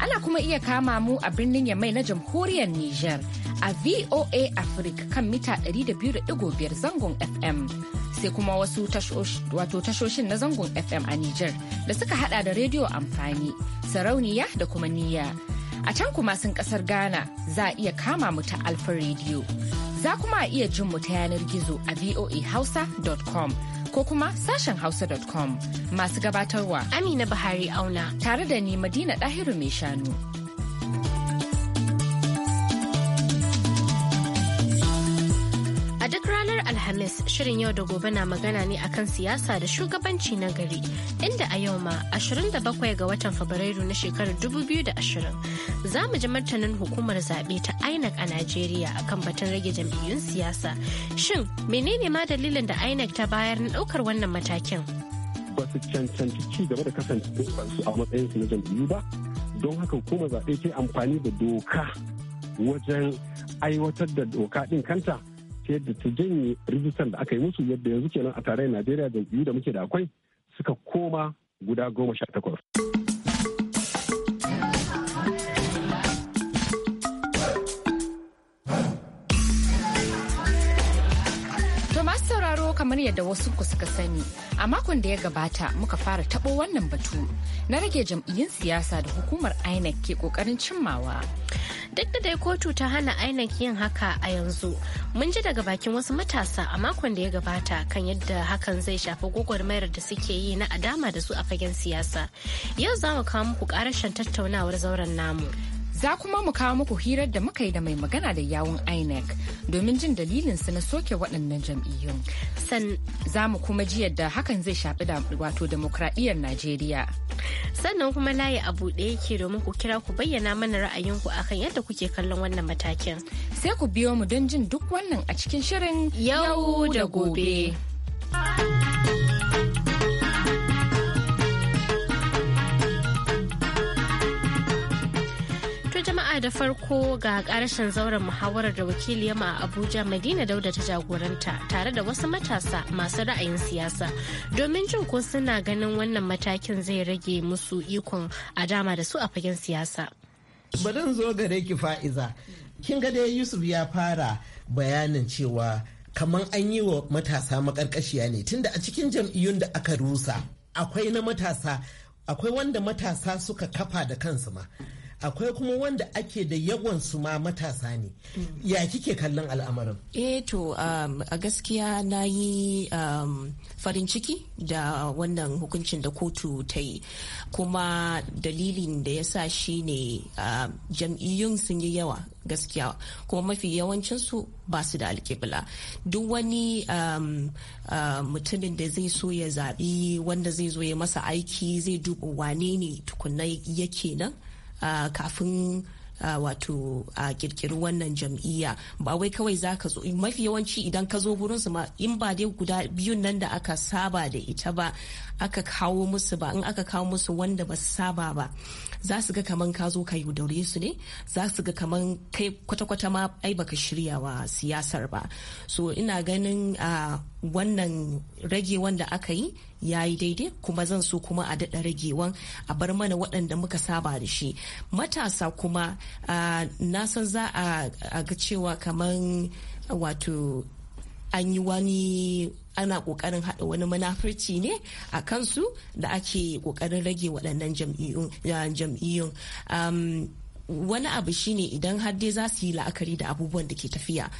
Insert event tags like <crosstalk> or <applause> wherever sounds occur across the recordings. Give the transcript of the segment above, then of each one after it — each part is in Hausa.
Ana kuma iya kama mu a birnin Yamai na jamhuriyar Nijar a VOA Africa kan mita 200.5 zangon FM. Sai kuma wasu tashoshin na zangon FM a Nijar da suka hada da rediyo amfani, sarauniya da kuma niyya. A can kuma sun kasar Ghana za a iya kama mu ta Alfa Radio. Za kuma iya jin mu ta yanar gizo a voahausa.com. ko kuma sashen hausa.com masu gabatarwa Amina Buhari Auna tare da ni Madina Dahiru mai shanu. Alhamis shirin yau da gobe na magana ne akan siyasa da shugabanci na gari inda a yau ma 27 ga watan Fabrairu na shekarar 2020 za mu ji martanin hukumar zaɓe ta INEC a Najeriya akan batun rage jam'iyyun siyasa. Shin menene ma dalilin da INEC ta bayar na ɗaukar wannan matakin? Ba su cancanci ci gaba da kasancewa su matsayinsu na jam'iyyu ba, don haka hukumar zaɓe ke amfani da doka wajen aiwatar da doka ɗin kanta ta yadda ta janye rijistar da aka yi musu yadda yanzu kenan a tarayyar najeriya jam'iyyu da muke da akwai suka koma guda goma sha takwas. sauraro kamar yadda wasu ku suka sani a makon da ya gabata muka fara tabo wannan batu na rage jam'iyyun siyasa da hukumar inec ke kokarin cimmawa duk da dai kotu ta hana INEC yin haka a yanzu mun ji daga bakin wasu matasa a makon da ya gabata kan yadda hakan zai shafi gwagwarmayar da suke yi na adama da su a fagen siyasa yau za mu kawo muku karashen tattaunawar zauren namu Za kuma mu kawo muku hirar da muka yi da mai magana da yawun INEC domin jin dalilin su na soke waɗannan jam'iyyun. San za mu kuma ji yadda hakan zai shafi da wato demokradiyyar Najeriya. Sannan kuma layi a buɗe yake domin ku kira ku bayyana mana ra'ayinku akan yadda kuke kallon wannan matakin. Sai ku biyo mu don jin duk wannan a cikin shirin yau da gobe. da farko ga ƙarshen zauren muhawarar da wakiliyar a Abuja Madina Dauda ta jagoranta tare da wasu matasa masu ra'ayin siyasa domin jin ko suna ganin wannan matakin zai rage musu ikon a dama da su a fagen siyasa. Bari zo gare ki fa'iza. Kin ga dai Yusuf ya fara bayanin cewa kamar an yi wa matasa makarkashiya ne tunda a cikin jam'iyyun da aka rusa akwai na matasa akwai wanda matasa suka kafa da kansu ma akwai kuma wanda ake da yawan su ma matasa ne ya kike kallon al'amarin eh to um, a gaskiya na yi um, farin ciki da wannan hukuncin da kotu ta yi kuma dalilin da ya sa shi ne um, jam'iyyun sun yi yawa gaskiya kuma mafi yawancinsu ba su da alkibla duk wani uh, mutumin da zai so ya zaɓi wanda zai zo ya masa aiki zai duba wane ne tukunna yake nan kafin wato a kirkiri wannan jam'iyya ba wai kawai za ka zo mafi yawanci idan ka zo ma in ba dai guda biyun nan da aka saba da ita ba aka kawo musu ba in aka kawo musu wanda ba su saba ba za su ga kaman ka zo ka yi daure su ne za su ga kaman kai kwata-kwata ma ai baka shirya wa siyasar ba so ina ganin uh, wannan ragewan da aka yi ya yi daidai kuma zan so kuma a daɗa ragewan a bar mana waɗanda muka saba da shi matasa kuma na san za a ga cewa kamar wato an yi wani ana ƙoƙarin haɗa wani munafurci ne a kansu da ake kokarin rage waɗannan jam'iyyun wani abu shine idan har dai za su yi la'akari da abubuwan da ke tafiya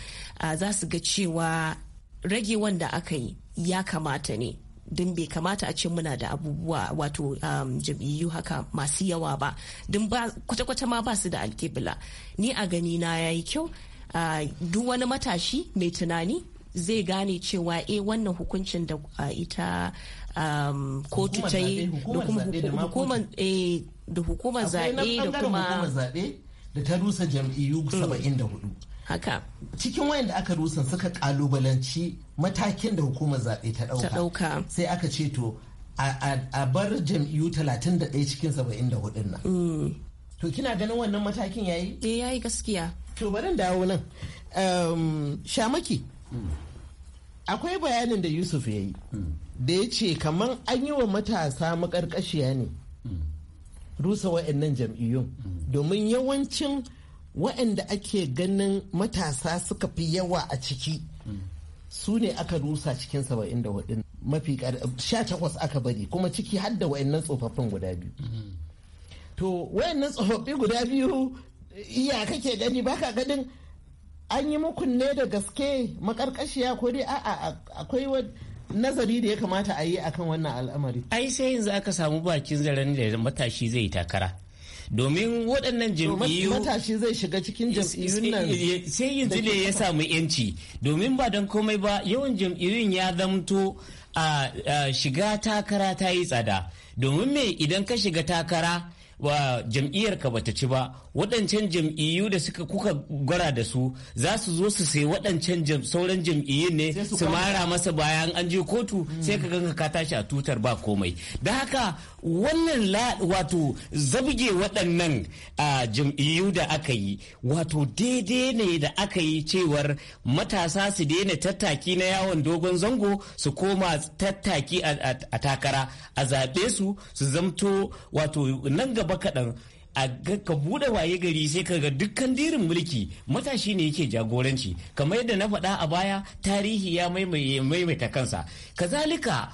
za su ga cewa rage wanda aka yi ya kamata ne don bai kamata a ce muna da abubuwa wato um, jam'iyyu haka masu yawa ba don kwata-kwata ma ba su da alkibla ni a gani na ya yi kyau uh, duk wani matashi mai tunani zai gane cewa e wannan hukuncin da uh, ita um, kotu ta yi da hukumar zaɓe da eh, kuma da ta rusa jam'iyyu 74 haka cikin da aka rusa suka kalubalanci matakin da hukumar zaɓe ta ɗauka sai aka ce to a bar jam'iyyu 31 cikin 74 nan mm. to kina ganin wannan matakin yayi eh yayi gaskiya to barin dawo nan shamaki akwai bayanin da yusuf ya yi da ya ce kamar an yi wa matasa makarkashiya ne mm. rusa wa'annan jam'iyyun mm. domin yawancin waɗanda ake ganin matasa suka fi yawa a ciki su ne aka rusa cikin saba'in da mafi sha takwas aka bari kuma ciki har da nan tsofaffin guda biyu to nan tsofaffi guda biyu iya kake gani baka ganin an yi mukun ne da gaske makarkashiya ko dai a'a akwai nazari da ya kamata a yi akan wannan al'amari ai sai yanzu aka samu bakin zaren da matashi zai takara domin waɗannan jam'iyyu matashi zai shiga cikin jam'iyyun nan eh, eh, eh, sai yanzu ne ya samu yanci domin ba don komai ba yawan jam'iyyun ya zamto a shiga takara ta yi tsada domin me idan ka shiga takara wa jam'iyyar ka bata ci ba waɗancan jam'iyyu da suka kuka gwara da su za su zo su sai waɗancan sauran jam'iyyun ne su mara masa bayan an je kotu sai ka ganka ka tashi a tutar ba komai da haka wannan wato zabge waɗannan a jam'iyyu da aka yi wato daidai ne da aka yi cewar matasa su daina tattaki na yawon dogon zango su koma tattaki a takara a zaɓe su su zamto wato nan gaba kaɗan a ga ka bude waye gari sai ka ga dukkan dirin mulki matashi ne yake jagoranci kamar yadda na faɗa a baya tarihi ya maimaita kansa kazalika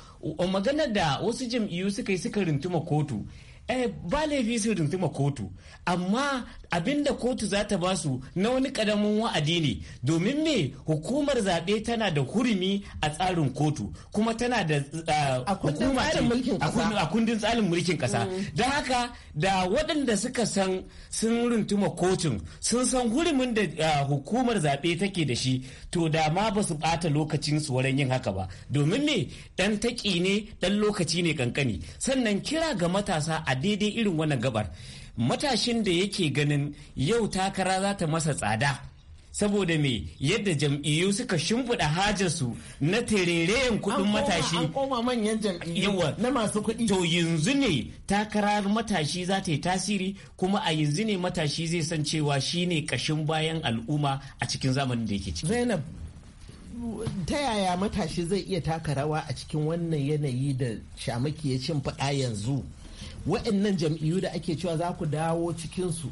maganar da wasu jam'iyyu suka yi suka rintuma kotu eh, ba laifi su rintuma kotu amma abinda kotu za ta basu na wani karamin wa'adi ne domin me hukumar zaɓe tana da hurumi a tsarin kotu kuma tana da eh, hukuma a kundin tsarin mulkin ƙasa mm. don haka da waɗanda suka san sun runtuma kotun sun san hurumin da eh, hukumar zaɓe take da shi to da ma ba su ɓata lokacin su wurin yin haka ba domin me ɗan taƙi ne ɗan lokaci ne kankani sannan kira ga matasa a daidai irin wannan gabar matashin da yake ganin yau takara za ta masa tsada saboda me yadda jam'iyyu suka shimfiɗa hajarsu na tererayen kuɗin matashi an koma manyan jam'iyyu na masu kuɗi to yanzu ne takarar matashi za ta yi tasiri kuma a yanzu ne matashi zai san cewa shi ne kashin bayan al'umma a cikin zamanin da yake ciki zainab ta yaya matashi zai iya taka rawa a cikin wannan yanayi da shamaki ya cin faɗa yanzu waɗannan jam'iyyu da ake cewa za ku dawo cikinsu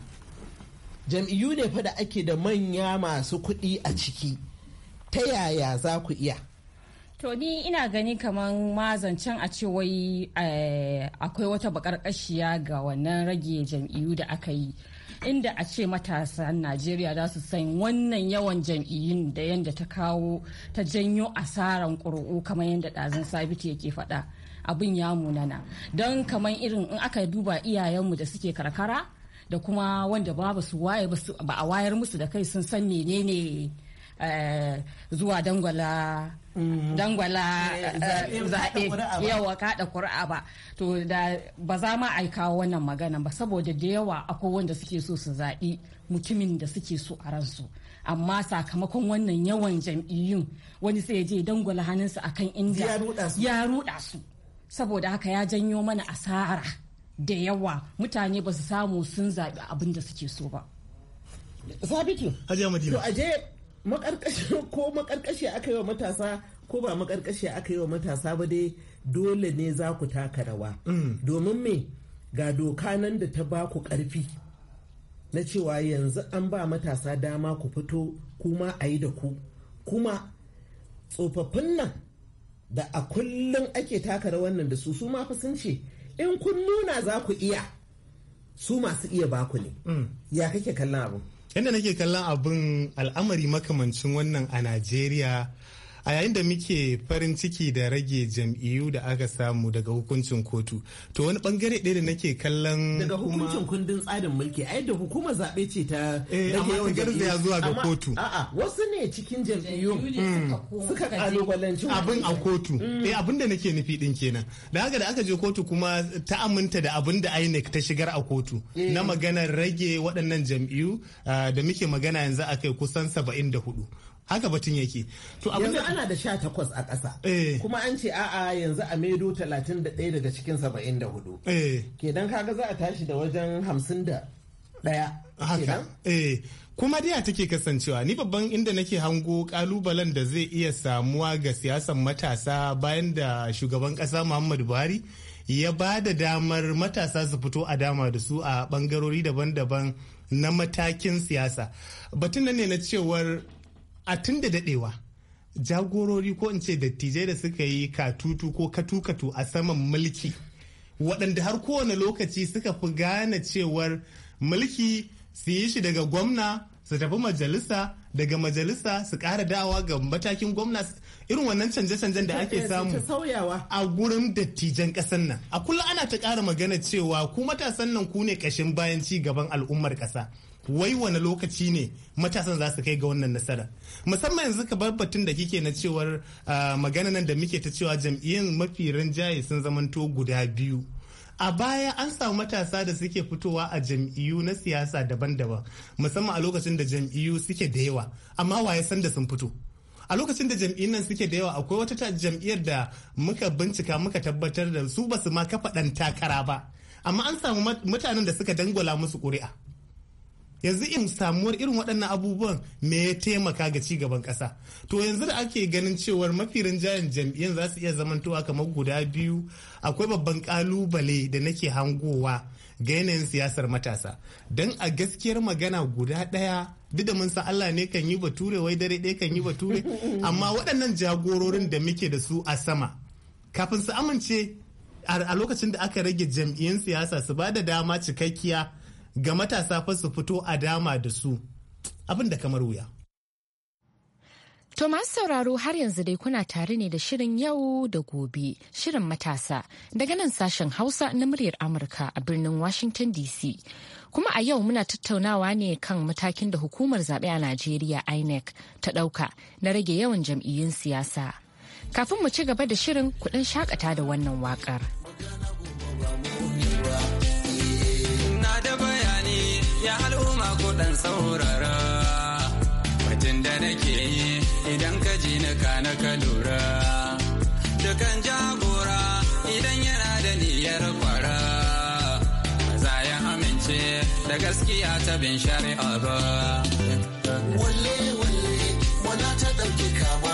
jam'iyyu ne fa da ake da manya masu kuɗi a ciki ta yaya za ku iya to ni ina gani kamar mazancen a ce wai eh, akwai wata bakarkashiya ga wannan rage jam'iyyu da aka yi inda a ce matasan najeriya za su san wannan yawan jam'iyyun da yadda ta kawo ta janyo asaran ƙuri'u kamar yadda ɗazin sabiti yake faɗa abin ya munana don kamar irin in aka duba iyayenmu da suke karkara da kuma wanda ba su waye ba a wayar musu da kai sun san menene eh, zuwa dangwala mm. dangwala eh, eh, zaɓe yawa kaɗa ƙuri'a ba to da ba za ma aika wannan magana ba saboda da yawa akwai wanda suke so su zaɓi mutumin da suke so a ransu amma sakamakon wannan yawan jam'iyyun wani sai je dangwala hannunsa akan inda ya ruɗa su saboda haka ya janyo mana asara da yawa mutane ba su samu sun zaɓi abin da suke so ba. Sabitu, to aje makarkashi ko makarkashi aka yi wa matasa ko ba makarkashi aka yi wa matasa ba dai dole ne za ku taka rawa. Mm. Domin me ga doka nan da ta ba ku ƙarfi na cewa yanzu an ba matasa dama ku fito kuma a yi da ku. Kuma tsofaffin nan da a kullum ake taka wannan da su su ma fa sun ce in kun nuna za ku iya su masu iya baku ne mm. ya kake kallon abin yadda nake kallon abin al'amari makamancin wannan a najeriya a yayin da muke farin ciki da rage jam'iyyu da aka samu daga hukuncin kotu to wani bangare ɗaya da nake kallon daga hukuncin kundin tsarin mulki a yadda hukumar zaɓe ce ta eh, amma ta garzaya zuwa ga kotu a'a wasu ne cikin jam'iyyu suka hmm. kalubalanci abin a kotu hmm. eh abin da nake nufi din kenan da haka da aka je kotu kuma ta aminta da abin da INEC ta shigar a kotu eh. na maganar rage waɗannan jam'iyyu ah, da muke magana yanzu akai kusan 74 haka batun yake to abin da ana da 18 a ƙasa eh. kuma an ce a'a yanzu a maido 31 daga cikin 74 eh. ke kenan kaga za a tashi da wajen 51 haka eh kuma dai take kasancewa ni babban inda nake hango kalubalen da zai iya samuwa ga siyasan matasa bayan da shugaban kasa muhammadu buhari ya ba da damar matasa su fito a dama da su a bangarori daban-daban na matakin siyasa batun nan ne na cewar a tun da dadewa jagorori ko in ce dattijai da suka yi katutu ko katukatu a saman mulki waɗanda har kowane lokaci suka fi gane cewar mulki su yi shi daga gwamna su tafi majalisa daga majalisa su ƙara dawa ga matakin gwamna irin wannan canje-canjen da ake eh, samu a gurin dattijan ƙasar nan a kullum ana ta ƙara magana cewa ku matasan nan ku ne ƙashin bayan ci gaban al'ummar ƙasa wai wani lokaci ne matasan za su kai ga wannan nasara musamman yanzu ka batun da kike na cewar ah, magana nan da muke ta cewa jam'iyyar mafi rinjaye sun zamanto guda biyu a baya an samu matasa da suke fitowa a jam'iyyu na siyasa daban-daban musamman a lokacin da jam'iyyu suke da yawa amma waye san da sun fito a lokacin da jam'iyyun nan suke da yawa akwai wata jam'iyyar da muka bincika muka tabbatar da su basu ma kafa ɗan takara ba amma an samu mutanen da suka dangwala musu ƙuri'a yanzu in samuwar irin waɗannan abubuwan me ya taimaka ga ci gaban ƙasa to yanzu da ake ganin cewar mafi rinjayen jam'iyyar za su iya zamantowa kamar guda biyu akwai babban kalubale da nake hangowa ga yanayin siyasar matasa don a gaskiyar magana guda ɗaya duk da mun san Allah ne kan yi bature wai dare ɗaya kan yi bature <laughs> amma waɗannan jagororin da muke da su a sama kafin su amince a lokacin da aka rage jam'iyyar siyasa su ba da dama cikakkiya ga matasa fa su fito a dama da su abin da kamar wuya. Thomas sauraro har yanzu dai kuna tare ne da shirin yau da gobe shirin matasa daga nan sashen Hausa na muryar Amurka a birnin Washington DC. Kuma a yau muna tattaunawa ne kan matakin da hukumar zaɓe a Najeriya INEC ta ɗauka na rage yawan jam'iyyun siyasa. Kafin mu ci gaba da shirin kuɗin shakata da wannan waƙar. ya al'umma ko dan saurara mutum da nake yi idan ka ji na kana ka lura dukan jagora idan yana da niyyar kwara za ya amince da gaskiya ta bin shari'a ba walle walle wala ta ɗauki kawa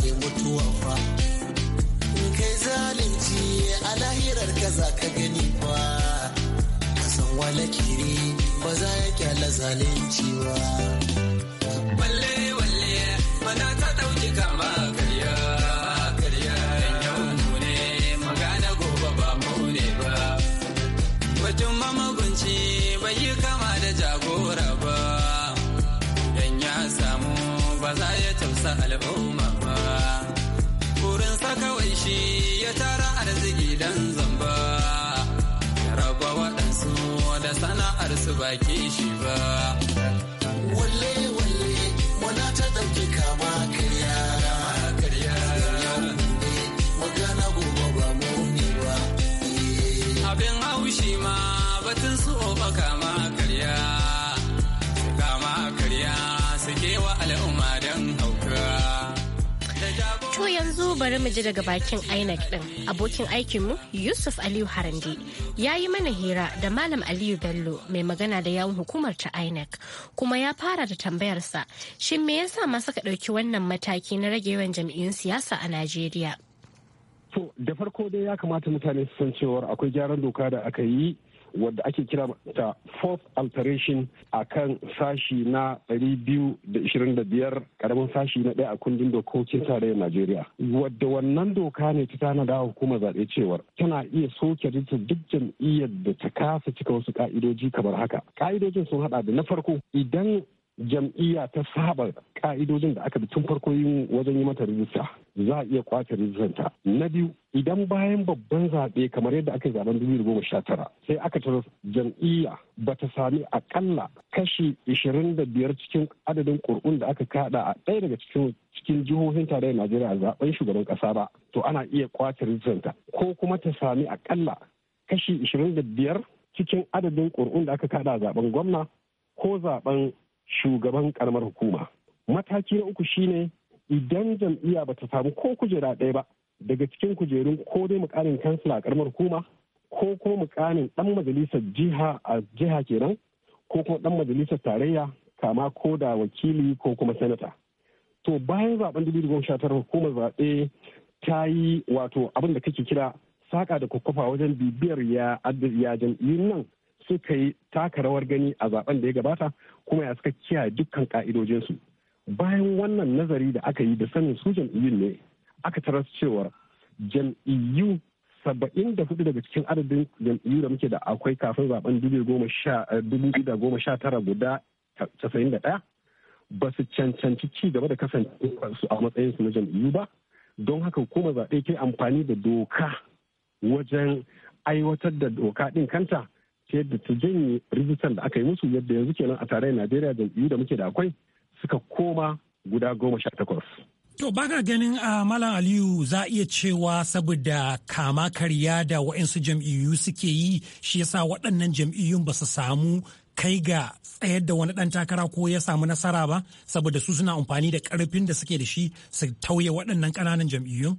fa in kai zalunci a lahirar ka za ka gani ba ka san wala kiri ba za ya kyala zalunci ba walle walle mana ta dauki kama karya karya yau mu ne magana gobe ba mu ne ba batun mamagunci bai yi kama da jagora ba 'Yan ya samu ba za ya tausa al'umma love. Uh, bari mu ji daga bakin INEC din abokin aikinmu Yusuf Aliyu Harande ya yi mana hira da Malam Aliyu Bello mai magana da yawun hukumar ta INEC kuma ya fara da tambayarsa shin me yasa masu ka ɗauki wannan mataki na rage yawan jam'iyyun siyasa a Najeriya? To da farko dai ya kamata mutane su san cewar akwai gyaran doka da aka yi wadda ake kira ta fourth alteration a kan sashi na 225 karamin sashi na ɗaya a kundin dokokin tarayyar najeriya wadda wannan doka ne ta tana tanada hukumar zaɓe cewar tana iya soke rinta duk jam'iyyar da ta kasa cika wasu ka'idoji kamar haka ka'idojin sun haɗa da na farko idan jam'iyya ta saba ka'idojin da aka bi tun farko yin wajen yi mata rijista za a iya kwace rijistanta na biyu idan bayan babban zaɓe kamar yadda aka yi zaben 2019 sai aka tarar jam'iyya ba ta sami akalla kashi 25 cikin adadin ƙuri'un da aka kaɗa a ɗaya daga cikin cikin jihohin tarayyar najeriya a zaben shugaban ƙasa ba to ana iya kwace rijistanta ko kuma ta sami akalla kashi 25 cikin adadin ƙuri'un da aka kada a zaben gwamna ko zaben shugaban karamar hukuma mataki na uku shine idan jam'iyya ba ta samu ko kujera ɗaya ba daga cikin kujerun ko dai mukamin kansila a karamar hukuma ko kuma mukamin ɗan majalisar jiha a jiha kenan ko kuma ɗan majalisar tarayya kama ko da wakili ko kuma sanata to bayan zaben tara hukumar zaɓe ta yi wato abin da kake kira saƙa da kwakwafa wajen bibiyar ya jam'iyyun nan suka yi taka rawar gani a zaben da ya gabata kuma ya suka kiyaye dukkan ka'idojinsu bayan wannan nazari da aka yi da sanin su jam'iyyun ne aka tarar cewar jam'iyyu saba'in da hudu daga cikin adadin jam'iyyu da muke da akwai kafin zaben dubu eh, da goma sha tara guda casa'in da ɗaya ba su cancanci ci gaba da kasancewarsu a matsayin su na jam'iyyu ba don haka hukumar zaɓe ke amfani da doka wajen aiwatar da doka ɗin kanta ta yadda ta janye rijistar da aka yi musu yadda yanzu kenan a tarayyar najeriya jam'iyyu da muke da akwai suka koma guda goma sha takwas To baka ganin a ah, Malam Aliyu za a iya cewa saboda kama karya da waɗansu jam'iyyu suke yi shi yasa waɗannan jam'iyyun ba su samu kai ga tsayar da wani ɗan takara ko ya samu nasara ba saboda su suna amfani da ƙarfin da suke da shi su tauye waɗannan ƙananan jam'iyyun?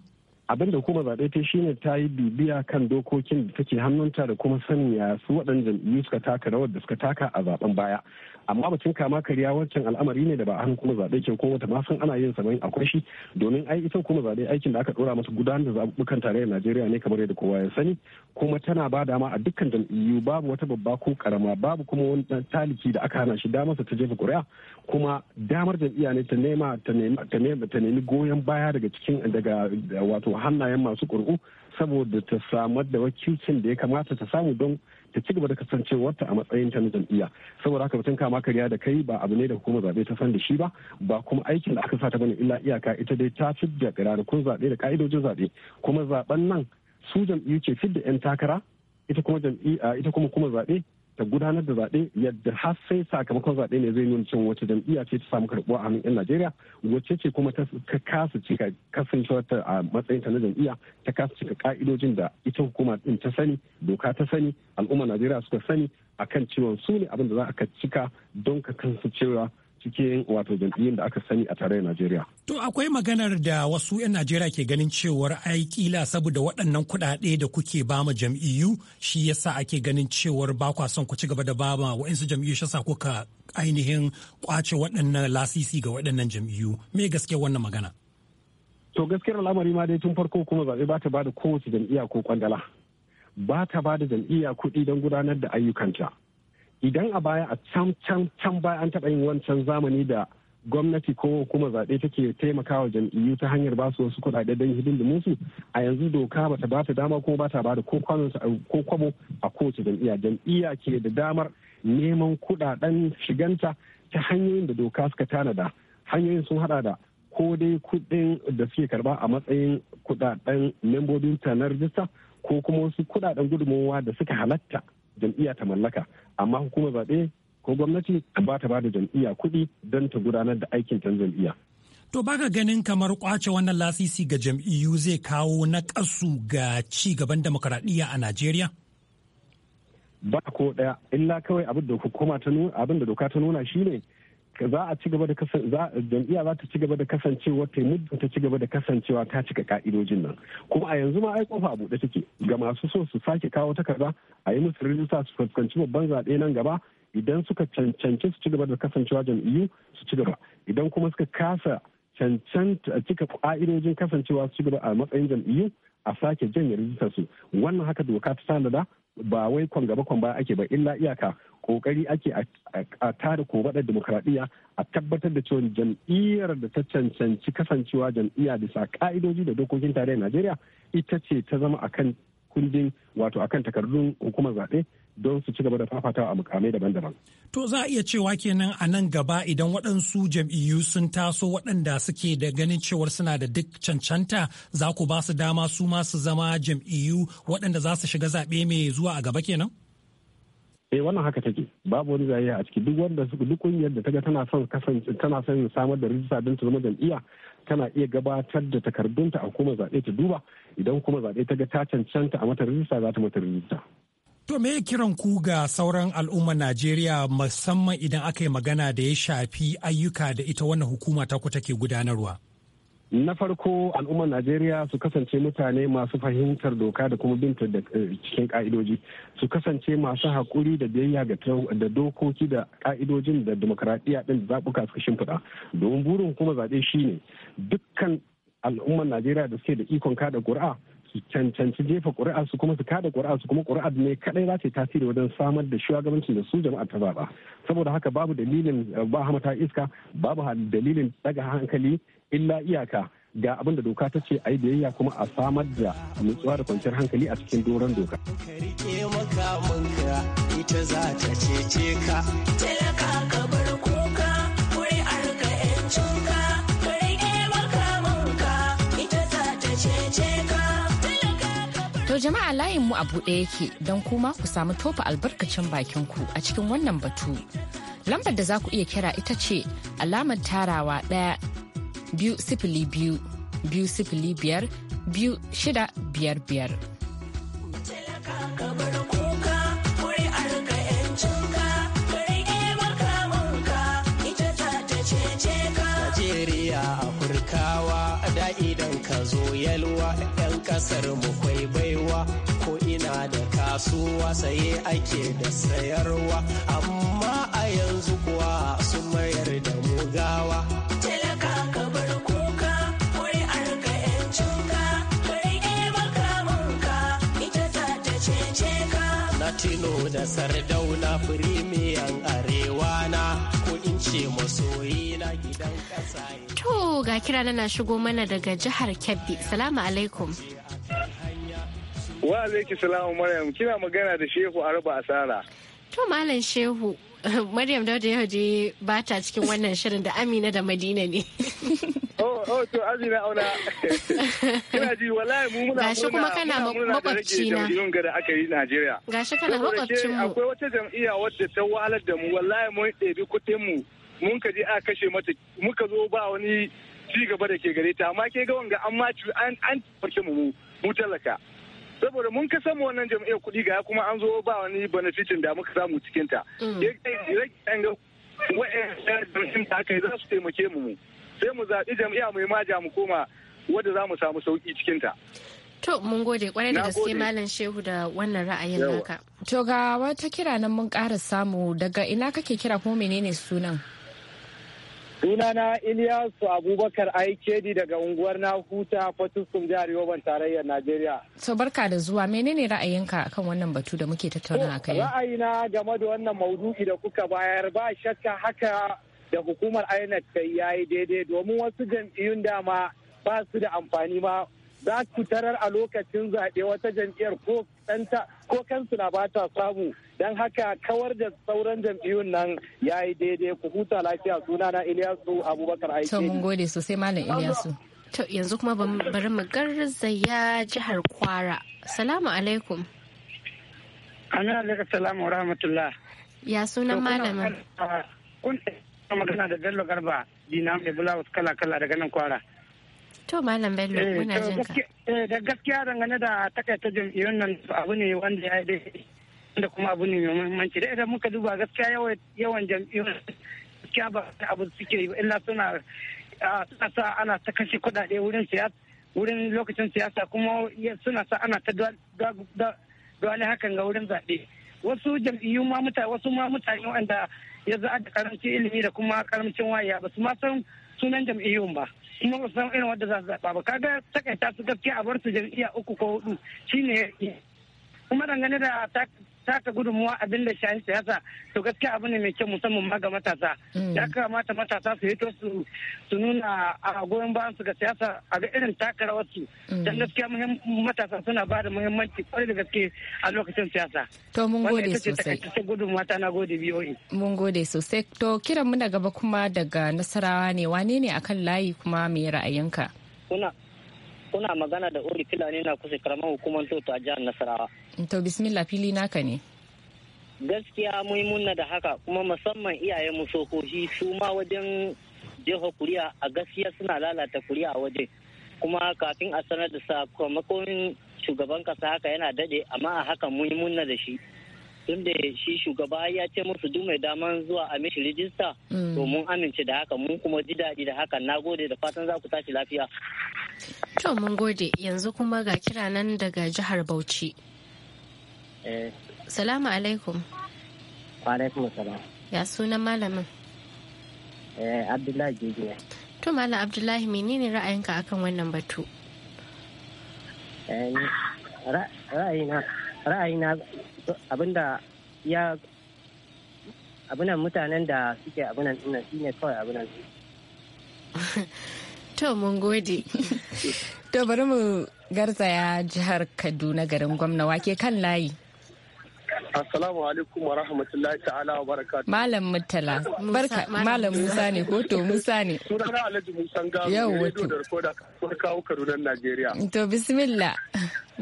abin da hukumar zaɓe ta ne ta yi bibiya kan dokokin da take hannunta da kuma sanin ya su waɗanda jam'iyyu suka taka rawar da suka taka a zaben baya amma batun kama karya wancan al'amari ne da ba a kuma zaɓe ke ko wata ma san ana yin sa akwai shi domin ai ita kuma zaɓe aikin da aka ɗora masa gudanar da zaɓuɓɓukan tarayyar Najeriya ne kamar yadda kowa ya sani kuma tana ba dama a dukkan jam'iyyu babu wata babba ko karama babu kuma wani taliki da aka hana shi damar sa ta jefa ƙuri'a kuma damar jam'iyya ne ta nema ta nemi goyon baya daga cikin daga wato hannayen masu ƙuri'u saboda ta samar da wakilcin da ya kamata ta samu don ta ci gaba da kasancewarta a matsayin ta na jam'iyya saboda haka batun kama karya da kai ba abu ne da hukumar zaɓe ta san da shi ba ba kuma aikin da aka sa ta bane illa iyaka ita dai ta fi da ranakun zaɓe da ka'idojin zaɓe kuma zaɓen nan su jam'iyyu ke da 'yan takara ita kuma kuma kuma zaɓe ta gudanar da zaɓe yadda har sai sakamakon zaɓe ne zai nuna cewa wace jam'iyya ce ta samu karɓuwa a hannun 'yan Najeriya wacce ce kuma ta kasa cika kasancewar ta a matsayin ta na jam'iyya ta kasa cika ka'idojin da ita hukuma ɗin ta sani doka ta sani al'ummar Najeriya suka sani akan cewa su ne abin da za a cika don ka kansu cewa cikin wato jam'iyyun da aka sani a tarayyar Najeriya. To akwai maganar da wasu 'yan Najeriya ke ganin cewar ai kila saboda waɗannan kuɗaɗe da kuke ba ma jam'iyyu shi yasa ake ganin cewar ba kwa son ku ci gaba da ba ma wa'insu jam'iyyu shi yasa kuka ainihin ƙwace waɗannan lasisi ga waɗannan jam'iyyu me gaske wannan magana. To gaskiyar lamari ma dai tun farko kuma zaɓe ba ta ba da kowace jam'iyya ko kwandala. Ba ta ba da jam'iyya kuɗi don gudanar da ayyukanta. idan a baya a can can can baya an taɓa yin wancan zamani da gwamnati ko kuma zaɓe take taimakawa jam'iyyu ta hanyar basu wasu kuɗaɗe don hidin su a yanzu doka bata ba ta dama kuma ba ta ba da ko kwabo a kowace jam'iyya jam'iyya ke da damar neman kuɗaɗen shiganta ta hanyoyin da doka suka tanada hanyoyin sun haɗa da ko dai kuɗin da suke karba a matsayin kuɗaɗen membobin ta na rajista ko kuma wasu kuɗaɗen gudunmowa da suka halatta jam'iyya ta mallaka amma hukumar zaɓe ko gwamnati ba ta ba da jam'iyya kuɗi don ta gudanar da aikin can jam'iyya. To baka ganin kamar kwace wannan lasisi ga jam'iyyu zai kawo na ƙasu ga ci gaban demokaradiyya a Najeriya? Ba ko ɗaya, illa kawai abin da hukuma ta nuna, abin da doka ta nuna shine za a ci gaba da jam'iyya za ta ci gaba da kasancewa ta muddin ta ci gaba da kasancewa ta cika ka'idojin nan kuma a yanzu ma ai kofa a buɗe take ga masu so su sake kawo takarda a yi musu rijista su fuskanci babban zaɓe nan gaba idan suka cancanci su ci gaba da kasancewa jam'iyyu su ci gaba idan kuma suka kasa cancanta cika ka'idojin kasancewa su ci gaba a matsayin jam'iyyu a sake janye rijistar su wannan haka doka ta tanada ba wai kwan gaba kwan baya ake ba illa iyaka kokari ake a tada kobaɗar demokradiyya a tabbatar da cewa jam'iyyar da ta cancanci kasancewa jam'iyya bisa ka'idoji da dokokin tarayyar najeriya ita ce ta zama akan kundin wato akan takardun hukumar zaɓe don su ci gaba da fafatawa a mukamai daban-daban. To za a iya cewa kenan a nan gaba idan waɗansu jam'iyyu sun taso waɗanda suke da ganin cewar suna da duk cancanta za ku ba su dama su ma su zama jam'iyyu waɗanda za su shiga zaɓe mai zuwa a gaba kenan? eh wannan haka take babu wani zai a ciki duk wanda duk kungiyar da ta ga tana son kasance tana son samar da rijista don ta zama jam'iyya tana iya gabatar da takardunta a kuma zaɓe ta duba idan kuma zaɓe ta ga ta cancanta a mata rijista za ta mata rijista. To me kiran ku ga sauran al'ummar Najeriya musamman idan aka yi magana da ya shafi ayyuka da ita wannan hukuma ta ku take gudanarwa? na farko al'ummar najeriya su kasance mutane masu fahimtar doka da kuma binta da eh, cikin ka'idoji su kasance masu haƙuri da biyayya da dokoki da ka'idojin da demokaradiyya din da zaɓuka suka shimfiɗa domin burin kuma zaɓe shine dukkan al'ummar najeriya da suke da ikon kada ƙuri'a su cancanci jefa ƙuri'a su kuma su kada ƙuri'a su kuma ƙuri'a ne kadai za ta yi tasiri wajen samar da shugabancin da su jama'a ta zaɓa. saboda haka babu dalilin eh, ba hamata iska babu dalilin daga hankali illa iyaka ga abin da doka ta ce a yi biyayya kuma a samar da nutsuwa da kwanciyar hankali a cikin doron doka. ita za bar kuka, ka To jama'a layin mu a buɗe yake don kuma ku samu tofa albarkacin bakin ku a cikin wannan batu. Lambar da za ku iya kira ita ce alamar tarawa ɗaya biyu sifili biyu biyu sifili biyar biyu shida biyar biyar. Afirkawa da idan ka zo yalwa 'yan ƙasar mu kwai baiwa ko ina da kasuwa saye ake da sayarwa amma a yanzu kuwa su mayar da mugawa. daula firimiyan arewa na ko in ce masoyi na gidan kasa to ga kira na shigo mana daga jihar kebbi salamu alaikum wa alaiki salamu maryam kina magana da shehu arba asara to malam shehu <laughs> maryam dauda yau ba ta cikin wannan shirin da amina da madina ne <laughs> Oh, oh, to azumi auna. Ina ji wallahi mu muna Gashi kuma kana makwabci na. Muna da aka yi Najeriya. Gashi kana makwabcin mu. Akwai wata jam'iyya wadda ta wahalar da mu wallahi mun ɗebi kuɗin mu. Mun ka je a kashe mata muka zo ba wani ci gaba da ke gare ta amma ke ga wanga an maci an an farke mu mu talaka. saboda mun ka samu wannan jam'iyyar kuɗi ga kuma an zo ba wani benefitin da muka samu cikin ta. ɗan ga wa'yan da aka yi za su taimake mu. sai mu zaɓi jam'iyya mai maja mu koma wadda za mu samu sauƙi cikinta. To mun gode kwarai da gaske Malam Shehu da wannan ra'ayin naka. To ga wata kira nan mun ƙara samu daga ina kake kira kuma menene sunan? Sunana iliyasu Abubakar Aikedi daga unguwar Nahuta Fatuskum jihar Yoban tarayyar Najeriya. So barka da zuwa menene ra'ayinka kan wannan batu da muke tattauna a kai? Ra'ayina game da wannan maudu'i da kuka bayar ba shakka haka da hukumar inec ta ya yi daidai domin wasu jam'iyyun dama ba su da amfani ma za su tarar a lokacin zaɓe wata jam'iyyar ko ɗanta ko kansu na ba ta samu don haka kawar da sauran jam'iyyun nan ya yi daidai ku huta lafiya suna na iliyasu abubakar aiki. to mun gode sosai malam iliyasu. To yanzu kuma bari mu garzaya jihar Kwara. Salamu alaikum. Ana alaikum salamu rahmatullah. Ya sunan malamin. magana da Bello Garba dina mai wasu kala-kala daga nan kwara. To Malam Bello eh, muna jin ka. Eh, da gaskiya dangane da takaita jam'iyyun nan abu ne wanda ya dai da kuma abu ne mai muhimmanci da idan muka duba gaskiya yawan jam'iyyun gaskiya ba abu suke yi illa suna suna sa ana ta kashe kuɗaɗe wurin siyasa wurin lokacin siyasa kuma suna sa ana ta dole hakan ga wurin zaɓe. Wasu jam'iyyu ma mutane wasu ma mutane wanda ya za da karamci ilimi da kuma karamcin waya ba su ma san sunan jam'iyyun ba kuma ba su san irin wanda za su zaɓa ba kaga takaita su gaskiya a bar su jam'iyya uku ko hudu shine kuma dangane da taka gudunmuwa abin da shayin siyasa to gaskiya abu ne mai kyau musamman ma ga matasa mm. ya kamata matasa su yi su su nuna a goyon bayan su ga siyasa a ga irin taka rawar su mm. dan gaskiya matasa suna ba da muhimmanci kwarai da gaske a lokacin siyasa to mun gode sosai ta gudunmuwa ta na gode BOE mun gode sosai to kiran mu na gaba kuma daga nasarawa ne wane ne akan layi kuma me ra'ayinka kuna kuna magana da uri Fulani na kusa karamar hukumar to a jihar Nasarawa to bismillah fili naka ne gaskiya muhimmunna da haka kuma musamman iyayen mu su ma wajen jefa kuri'a a gaskiya suna lalata kuri'a a waje kuma kafin a sanar da sakamakon shugaban kasa haka yana dade amma a haka muhimmunna da shi tun da shi shugaba ya ce musu duk mai daman zuwa a mishi rijista mm. to mun amince da haka mun kuma ji daɗi da haka na gode da fatan za ku tashi lafiya to mun gode yanzu kuma ga kira nan daga jihar bauchi Eh. salamu alaikum alaikum salam ya sunan malamin eh, abdullahi jijiya to malam abdullahi menene ra'ayinka akan wannan batu eh, ra'ayina ra'ayina abinda ya abinan mutanen da suke abinan dinnan shine kawai abinan <laughs> to mun gode <laughs> to bari mu garzaya jihar kaduna garin gwamna wake kan layi Assalamu alaikum wa rahmatullahi ta'ala wa barakatuh. Malam Murtala. Barka Malam Musa ne ko to Musa ne. Sunana Alhaji Musa Yau wato. Da Najeriya. To bismillah.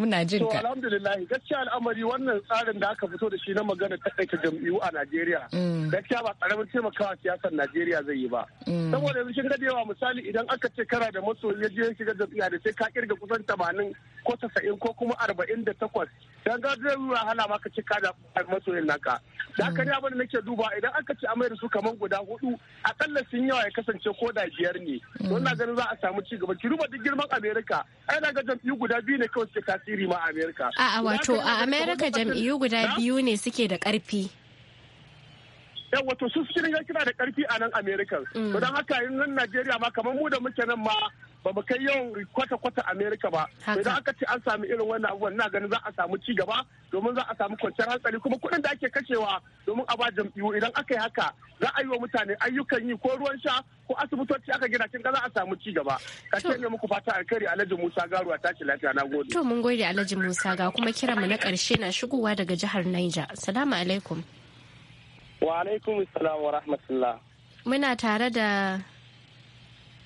muna jin ka. alhamdulillah gaskiya al'amari wannan tsarin da aka fito da shi na magana ta ɗaika jam'iyyu a Najeriya. Mm. Gaskiya ba karamin taimakawa siyasar Najeriya zai yi ba. Mm. Saboda yanzu shiga da yawa misali idan aka ce kana da maso ya je shiga jam'iyya da sai ka kirga kusan tamanin ko tasa'in ko kuma arba'in da takwas. Dan ga zai yi wahala ma ka ce ka da masoyin naka. Da haka ne mm. abin da nake duba idan aka ce amai da su kamar guda hudu akalla sun yawa ya kasance ko da biyar ne. don na ganin za a samu ci gaba. Ki duba duk girman Amerika. Ai na ga jam'iyyu guda biyu ne kawai suke tasiri. tasiri ma a Amerika. wato a Amerika jam'iyyu guda biyu ne suke da ƙarfi. yan wato su suke da karfi a nan Amerika. Mm. don haka yin nan najeriya ma kamar mu da muke nan ma ba mu kai yau kwata-kwata america ba. Idan aka ce an sami irin wannan abubuwan na ganin za a samu ci gaba domin za a samu kwanciyar hankali kuma kuɗin da ake kashewa domin a ba jam'iyyu idan aka yi haka za a yi wa mutane ayyukan yi ko ruwan sha ko asibitoci aka gina kin za a samu ci gaba. Ka ce ne muku fata alkhairi Alhaji Musa Garuwa tashi lafiya na gode. To mun gode Alhaji Musa ga kuma kiran mu na karshe na shigowa daga jihar Niger. assalamu alaikum. Wa alaikum salam wa rahmatullah. Muna tare da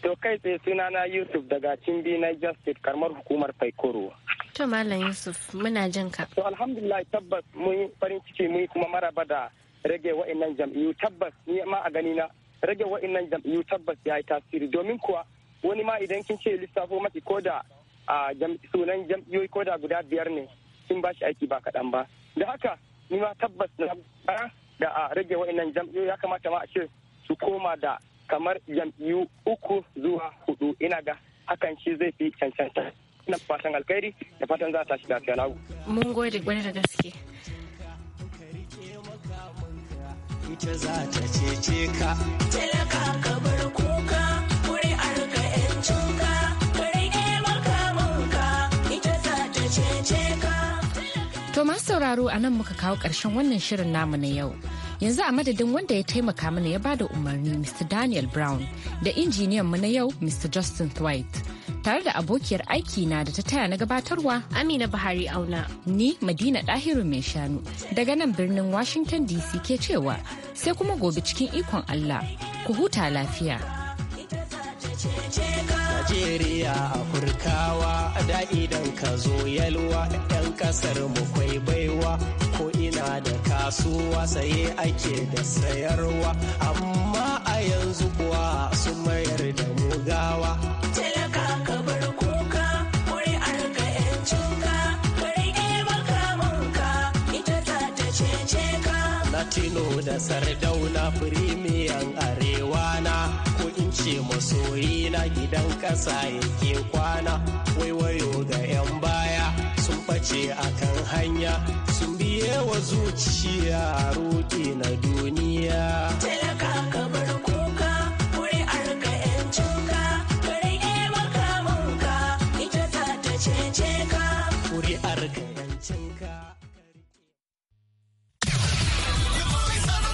To kai tsaye sunana Yusuf daga Cimbi na State karmar hukumar Faikoro. To Malam Yusuf muna jin ka. To alhamdulillah tabbas mun farin ciki mun kuma maraba da rage wa'annan jam'iyyu tabbas ni ma a gani na rage wa'annan jam'iyyu tabbas ya yi tasiri domin kuwa wani ma idan kin ce lissafo maki ko da a sunan jam'iyyoyi ko da guda biyar ne sun ba shi aiki ba kaɗan ba. Da haka ni ma tabbas na da a rage wa'annan jam'iyyoyi ya kamata ma a ce su koma da kamar jam'iyyu uku zuwa hudu ina ga hakan shi zai fi cancanta ina fatan alkhairi da fatan za ta shi lafiya lagu. mun gode gwani da gaske ita za ta cece ka talaka ka bar kuka kuri'ar ka ka ita za to masu sauraro a nan muka kawo ƙarshen wannan shirin namu na yau yanzu a madadin wanda ya taimaka mana ya bada umarni mr daniel brown da injiniyan mu na yau mr justin white tare da abokiyar aiki na da ta taya na gabatarwa amina buhari auna ni madina dahiru mai shanu daga nan birnin washington dc ke cewa sai kuma gobe cikin ikon allah ku huta lafiya Najeriya furkawa da idan ka zo yalwa 'yan kasar mu kwai baiwa ko ina da kasuwa saye ake da sayarwa amma a yanzu kuwa su mayar da mugawa talaka bar kuka yancinka ita ta da sardauna firimiyan arewa na ko in ce masoyi na gidan ƙasa yake kwana waiwayo ga 'yan baya ce kan hanya sun biye wa zuciya roƙi na duniya. Talaka